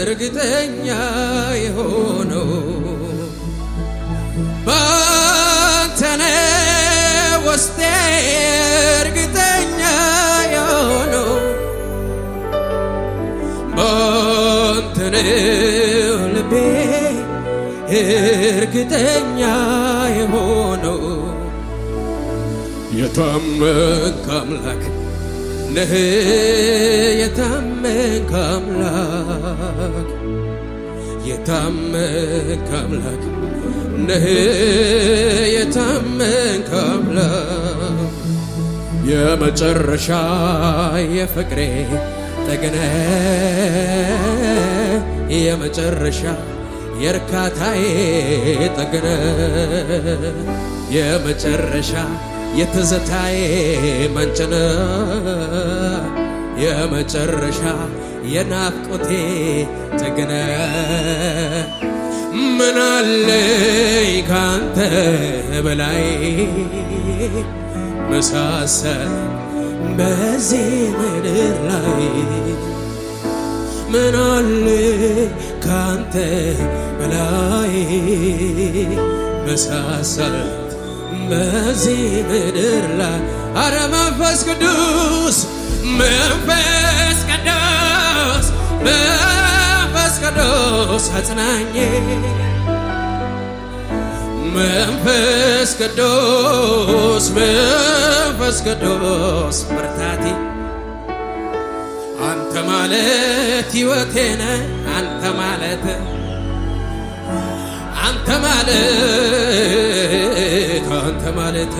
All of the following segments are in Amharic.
እርግጠኛ የሆነው ባንተነ ውስጤ እርግጠኛ የሆነው ባንተነ ልቤ እርግጠኛ የሆነው የታመንክ አምላክ ነህ የታመንክ አምላክ የታመንክ አምላክ ነህ የታመንክ አምላክ የመጨረሻ የፍቅሬ ጥግነ የመጨረሻ የእርካታዬ ጥግነ የመጨረሻ የትዝታዬ ምንጭነ የመጨረሻ የናፍቆቴ ጥግነ ካንተ በላይ መሳሰል በዚህ ምድር ላይ ካንተ በላይ መሳሰል በዚህ ምድር ላይ አረ መንፈስ ቅዱስ መንፈስ ቅዱስ መንፈስ ቅዱስ አጽናኝ መንፈስ ቅዱስ መንፈስ ቅዱስ ብርታቴ አንተ ማለት ሕይወቴ ነህ አንተ ማለት አንተ ማለት አንተ ማለት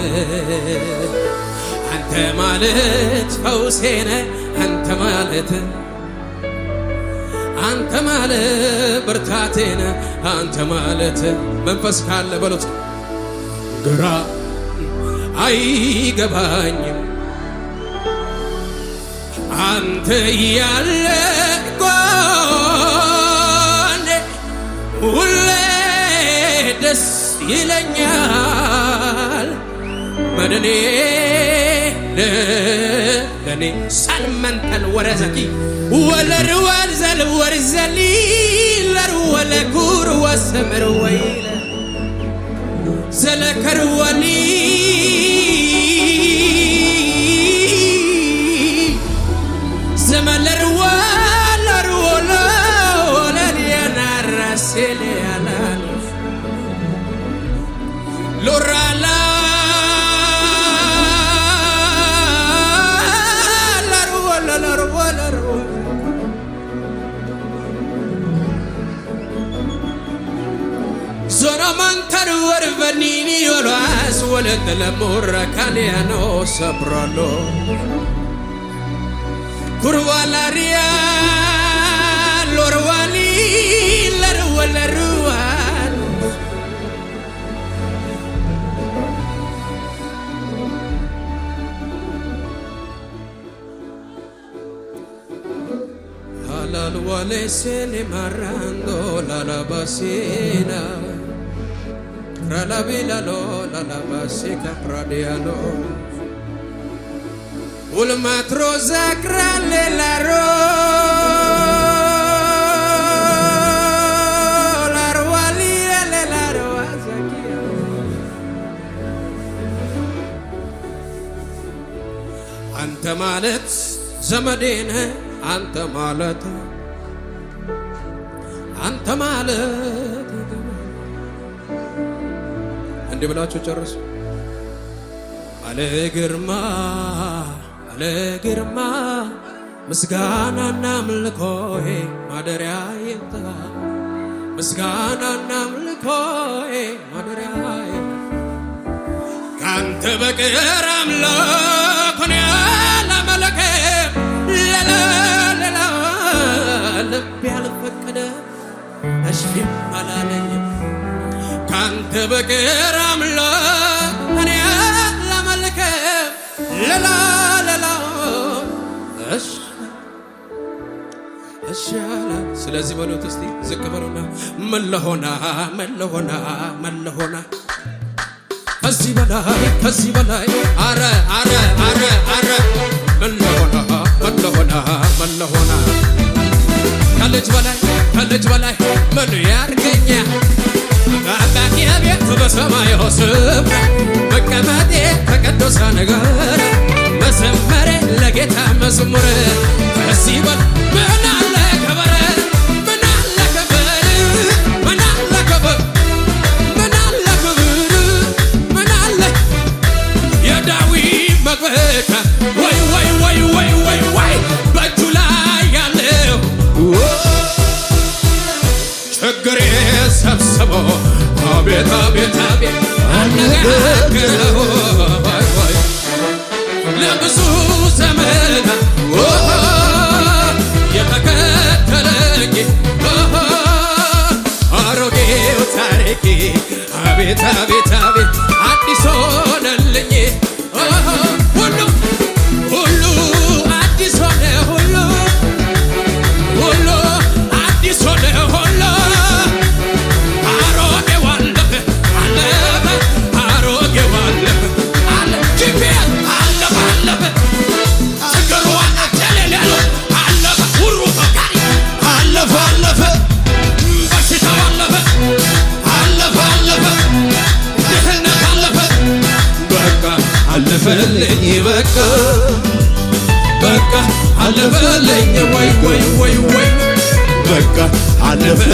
አንተ ማለት ፈውሴነ አንተ ማለት አንተ ማለት ብርታቴነ አንተ ማለት መንፈስ ካለ በሉት ግራ አይገባኝም አንተ ያለ ጎኔ ሁሌ ደስ ይለኛል መድኔ ለኔ ሰልመንተል ወረዘቲ ወለርዋል ዘልወር ዘሊ ለርወለ ኩር ወሰምር ወይለ ዘለከርወኒ ዘመለርዋ ለርወለ ወለልየናራሴልያላልፍ ሎራላ de la morra no saprallo curva la l'orwali la rua la rua la lua le se le marrando la la Ralabilalo, Lalabasica Pradialo. Ulmat rosa cralle la ro አንተ ማለት ዘመዴነ አንተ ማለት አንተ ማለት አንድ ብላችሁ ጨርሱ። አለ ግርማ አለ ግርማ ምስጋናና አምልኮዬ ማደሪያዬ ምስጋናና አምልኮዬ ማደሪያ ካንተ በቀር አምላክ እኔ አላመልክም ሌላ ሌላ ልቤ አልፈቀደም እሺም አላለኝም ካንተ በቀር አምላክ እኔ ላመልክ ሌላ ሌላ ስለዚህ በሎት እስቲ ዝቅ በሉና መለሆና መለሆና መለሆና ከዚህ በላይ ከዚህ በላይ አረ አረ አረ አረ መለሆና መለሆና መለሆና ከልጅ በላይ ከልጅ በላይ ምን ያርገኛ አባቴ አቤት በሰማይ ስም መቀመጤ ተቀደሰ ነገር መዘመሬ ለጌታ መዝሙር ከዚህ በል ጌታቤታቤ አነጋገረው ለብዙ ዘመን የተከተለኝ አሮጌው ታሪኬ አቤት አቤት አቤት አዲስ ሆነልኝ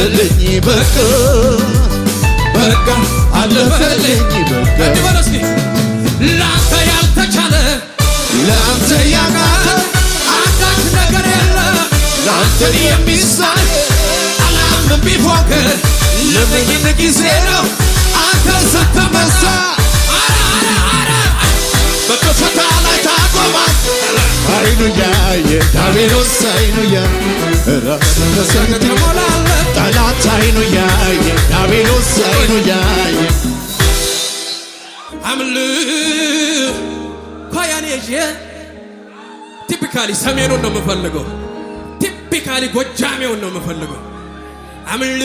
አለፈልኝ በቃ በቃ አለፈልኝ በቃ ላንተ ያልተቻለ ላንተ ያቃተ አንዳች ነገር የለ ላንተ የሚሳል አላምን ቢፎክር ለምን ጊዜ ነው አንተ ስትመሳ በከፍታ ላይ ታቆማል አይኑ ያየ ዳቤሎስ አይኑ ያ ራስ ተሰንት ጠላት አይኑ ያየ ዳቢሎስ አይኑ ያየ አምል ኳያን ቲፒካሊ ሰሜኑን ነው የምፈልገው። ቲፒካሊ ጎጃሜውን ነው የምፈልገው። አምል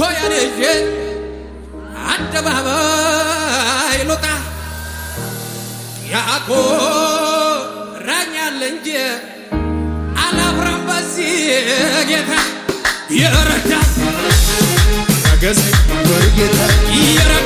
ኳያን ዥ አደባባይ ሎጣ ያኮ ራኛለ እንጂ አላፍራም በዚህ ጌታ የረዳኝ ገዝ ይክበር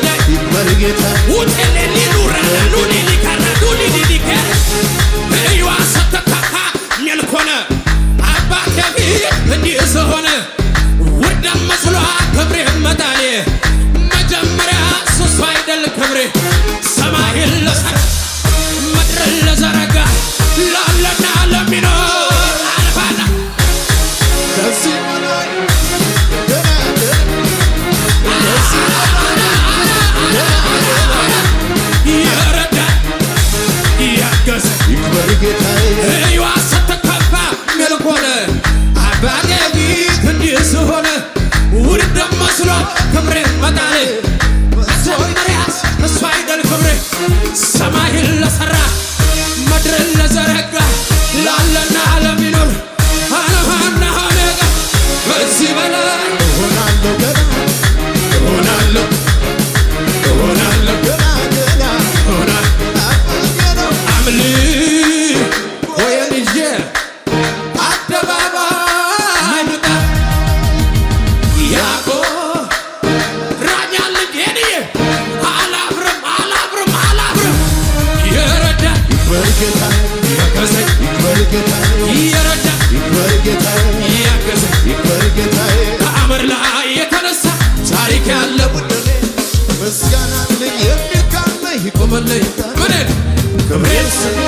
Come here, sir.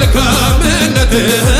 መልካምነትህ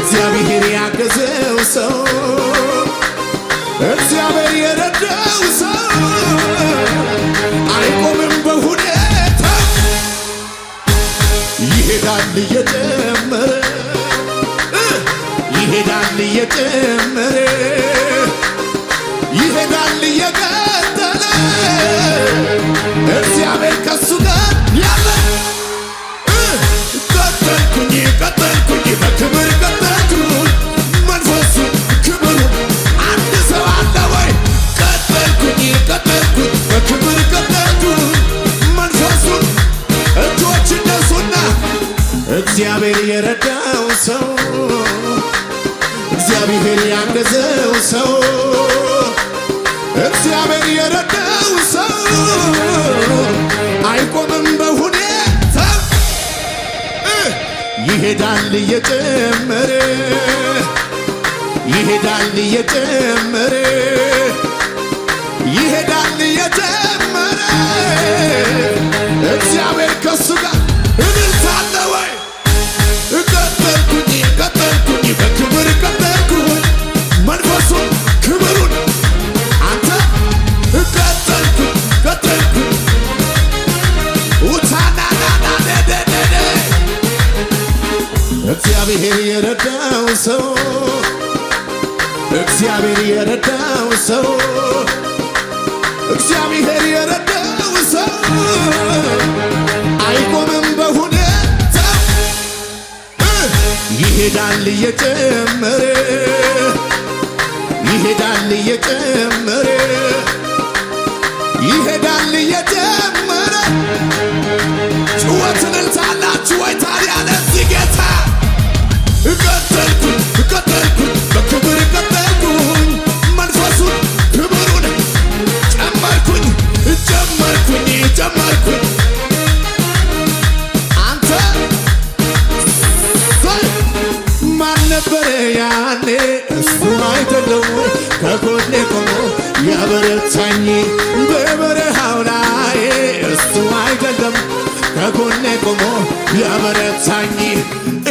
እግዚአብሔር ያገዘው ሰው እግዚአብሔር የረዳው ሰው አይቆምም በሁኔታ ይሄዳል እየጨመረ ይሄዳል እየጨመረ ይሄዳል እየጨመረ ይሄዳል እየጨመረ ይሄዳል እየጨመረ እግዚአብሔር ከሱ ጋር እግዚአብሔር የረዳው ሰው እግዚአብሔር የረዳው ሰው እግዚአብሔር የረዳው ሰው አይቆምም በሁኔታ ይሄዳል እየጨመረ ይሄዳል እየጨመረ ይሄዳል እየጨመረ ጭወት ቆሞ ያበረታኝ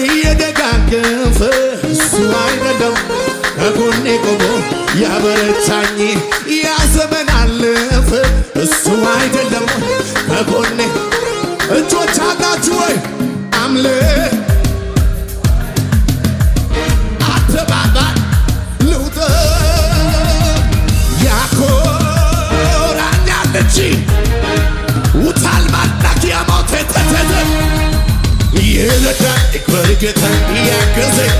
እየደጋገፈ እሱ አይደለም ከጎኔ ቆሞ ያበረታኝ ያዘመን አለፈ እሱ አይደለም ከጎኔ እጆች አላችሁ ወይ አምለ አተባባል ውታል ማዳኪያ ሞቴን Heerlijkheid, ik wil ik het aan je gezicht.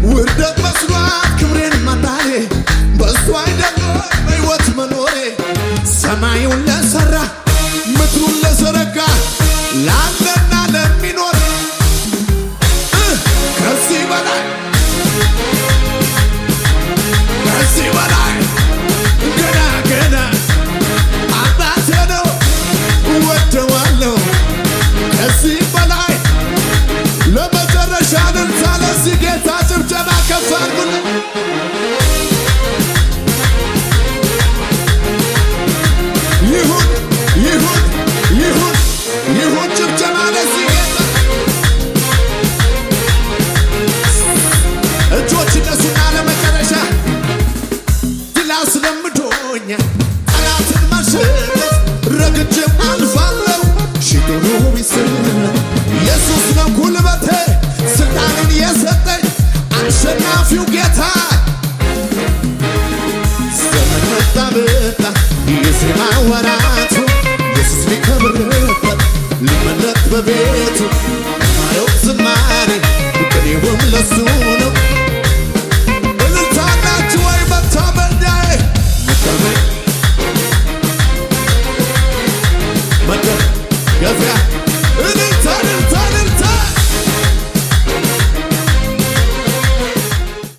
With the bus ride, come in my body. Bus ride, I go, I ሰማዩን ለሰራ ምድሩን ለዘረጋ